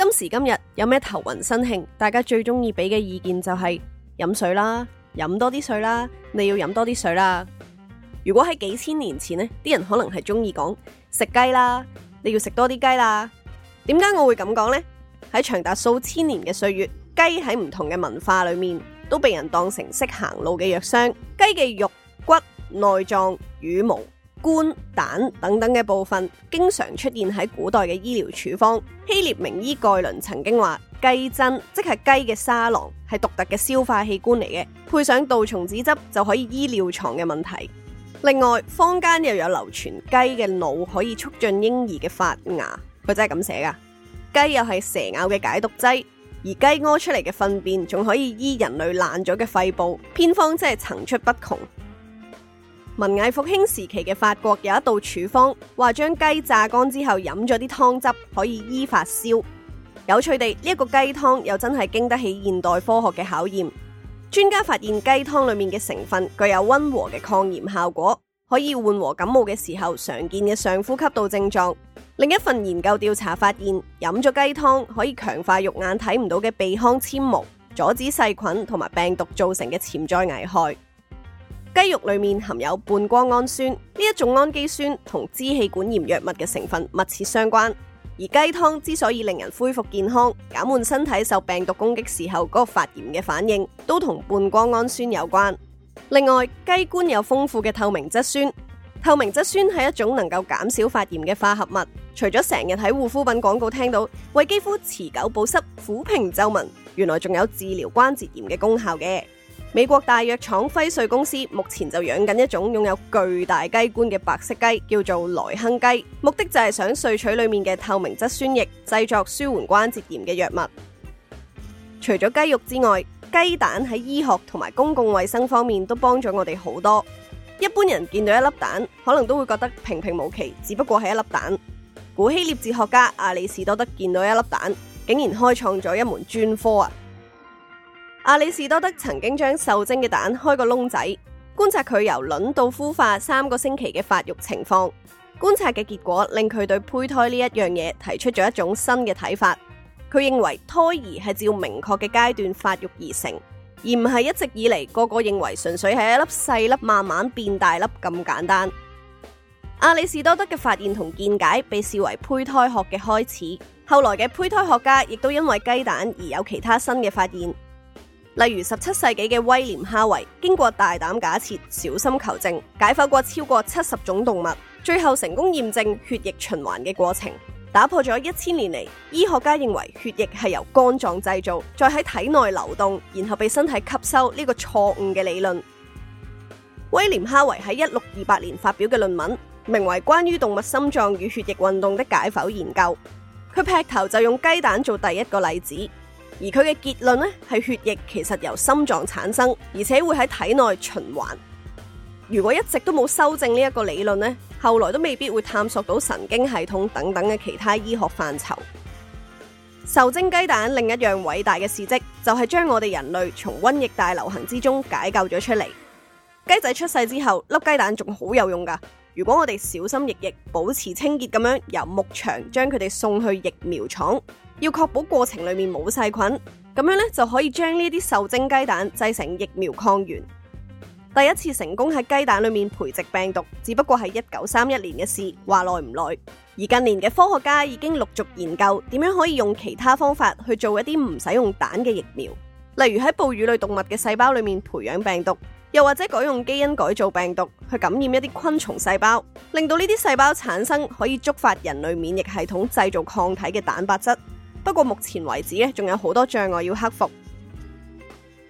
今時今日有咩頭暈身慶，大家最中意俾嘅意見就係、是、飲水啦，飲多啲水啦，你要飲多啲水啦。如果喺幾千年前呢，啲人可能係中意講食雞啦，你要食多啲雞啦。點解我會咁講呢？喺長達數千年嘅歲月，雞喺唔同嘅文化裏面都被人當成識行路嘅藥箱，雞嘅肉、骨、內臟、羽毛。肝蛋等等嘅部分，經常出現喺古代嘅醫療處方。希臘名醫蓋倫曾經話，雞胗即係雞嘅沙囊，係獨特嘅消化器官嚟嘅。配上杜松子汁就可以醫尿床嘅問題。另外，坊間又有流傳雞嘅腦可以促進嬰兒嘅發芽，佢真係咁寫㗎。雞又係蛇咬嘅解毒劑，而雞屙出嚟嘅糞便仲可以醫人類爛咗嘅肺部。偏方真係層出不窮。文藝復興時期嘅法國有一道處方，話將雞榨乾之後飲咗啲湯汁可以醫發燒。有趣地，呢、這、一個雞湯又真係經得起現代科學嘅考驗。專家發現雞湯裏面嘅成分具有溫和嘅抗炎效果，可以緩和感冒嘅時候常見嘅上呼吸道症狀。另一份研究調查發現，飲咗雞湯可以強化肉眼睇唔到嘅鼻腔纖毛，阻止細菌同埋病毒造成嘅潛在危害。雞肉裏面含有半胱氨酸，呢一種氨基酸同支氣管炎藥物嘅成分密切相關。而雞湯之所以令人恢復健康、減緩身體受病毒攻擊時候嗰個發炎嘅反應，都同半胱氨酸有關。另外，雞冠有豐富嘅透明質酸，透明質酸係一種能夠減少發炎嘅化合物。除咗成日喺護膚品廣告聽到為肌膚持久保濕、撫平皺紋，原來仲有治療關節炎嘅功效嘅。美國大藥廠輝瑞公司目前就養緊一種擁有巨大雞冠嘅白色雞，叫做萊亨雞，目的就係想萃取裏面嘅透明質酸液，製作舒緩關節炎嘅藥物。除咗雞肉之外，雞蛋喺醫學同埋公共衛生方面都幫咗我哋好多。一般人見到一粒蛋，可能都會覺得平平無奇，只不過係一粒蛋。古希臘哲學家阿里士多德見到一粒蛋，竟然開創咗一門專科啊！阿里士多德曾經將受精嘅蛋開個窿仔，觀察佢由卵到孵化三個星期嘅發育情況。觀察嘅結果令佢對胚胎呢一樣嘢提出咗一種新嘅睇法。佢認為胎兒係照明確嘅階段發育而成，而唔係一直以嚟個個認為純粹係一粒細粒慢慢變大粒咁簡單。阿里士多德嘅發現同見解被視為胚胎學嘅開始。後來嘅胚胎學家亦都因為雞蛋而有其他新嘅發現。例如十七世紀嘅威廉哈維，經過大膽假設、小心求證，解剖過超過七十種動物，最後成功驗證血液循環嘅過程，打破咗一千年嚟醫學家認為血液係由肝臟製造，再喺體內流動，然後被身體吸收呢個錯誤嘅理論。威廉哈維喺一六二八年發表嘅論文，名為《關於動物心臟與血液運動的解剖研究》，佢劈頭就用雞蛋做第一個例子。而佢嘅結論呢，係血液其實由心臟產生，而且會喺體內循環。如果一直都冇修正呢一個理論呢，後來都未必會探索到神經系統等等嘅其他醫學範疇。受精雞蛋另一樣偉大嘅事跡，就係將我哋人類從瘟疫大流行之中解救咗出嚟。雞仔出世之後，粒雞蛋仲好有用噶。如果我哋小心翼翼保持清潔，咁樣由牧場將佢哋送去疫苗廠，要確保過程裏面冇細菌，咁樣咧就可以將呢啲受精雞蛋製成疫苗抗原。第一次成功喺雞蛋裏面培植病毒，只不過係一九三一年嘅事，話耐唔耐？而近年嘅科學家已經陸續研究點樣可以用其他方法去做一啲唔使用蛋嘅疫苗，例如喺哺乳類動物嘅細胞裏面培養病毒。又或者改用基因改造病毒去感染一啲昆蟲細胞，令到呢啲細胞產生可以觸發人類免疫系統製造抗體嘅蛋白質。不過目前為止咧，仲有好多障礙要克服。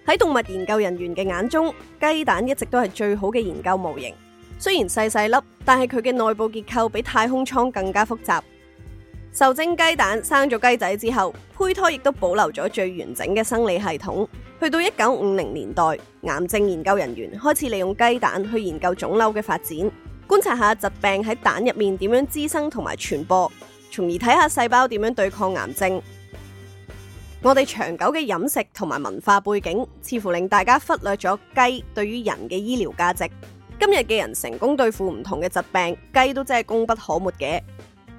喺動物研究人員嘅眼中，雞蛋一直都係最好嘅研究模型。雖然細細粒，但係佢嘅內部結構比太空艙更加複雜。受精雞蛋生咗雞仔之後，胚胎亦都保留咗最完整嘅生理系統。去到一九五零年代，癌症研究人員開始利用雞蛋去研究腫瘤嘅發展，觀察下疾病喺蛋入面點樣滋生同埋傳播，從而睇下細胞點樣對抗癌症。我哋長久嘅飲食同埋文化背景，似乎令大家忽略咗雞對於人嘅醫療價值。今日嘅人成功對付唔同嘅疾病，雞都真係功不可沒嘅。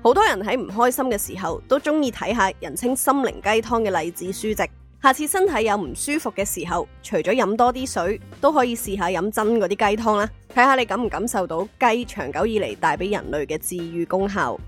好多人喺唔開心嘅時候，都中意睇下人稱心靈雞湯嘅勵志書籍。下次身體有唔舒服嘅時候，除咗飲多啲水，都可以試下飲真嗰啲雞湯啦，睇下你感唔感受到雞長久以嚟帶畀人類嘅治愈功效。